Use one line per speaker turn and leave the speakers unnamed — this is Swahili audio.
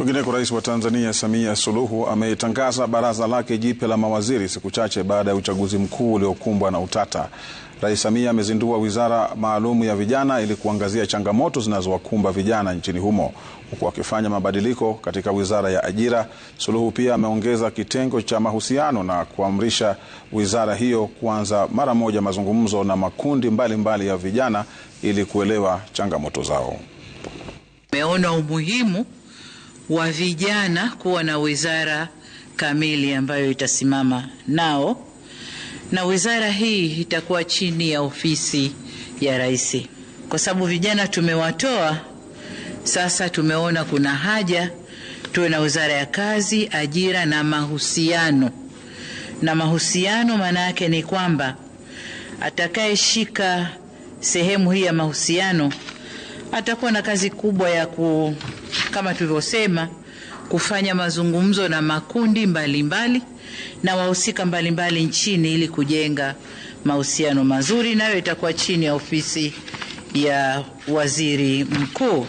Kwingineko, rais wa Tanzania Samia Suluhu ametangaza baraza lake jipya la mawaziri siku chache baada ya uchaguzi mkuu uliokumbwa na utata. Rais Samia amezindua wizara maalum ya vijana ili kuangazia changamoto zinazowakumba vijana nchini humo. Huku akifanya mabadiliko katika wizara ya ajira, Suluhu pia ameongeza kitengo cha mahusiano na kuamrisha wizara hiyo kuanza mara moja mazungumzo na makundi mbalimbali mbali ya vijana ili kuelewa changamoto zao.
Meona umuhimu wa vijana kuwa na wizara kamili ambayo itasimama nao, na wizara hii itakuwa chini ya ofisi ya rais, kwa sababu vijana tumewatoa. Sasa tumeona kuna haja tuwe na wizara ya kazi, ajira na mahusiano. Na mahusiano maana yake ni kwamba atakayeshika sehemu hii ya mahusiano atakuwa na kazi kubwa ya ku kama tulivyosema kufanya mazungumzo na makundi mbalimbali mbali, na wahusika mbalimbali nchini ili kujenga mahusiano mazuri, nayo itakuwa chini ya ofisi ya waziri mkuu.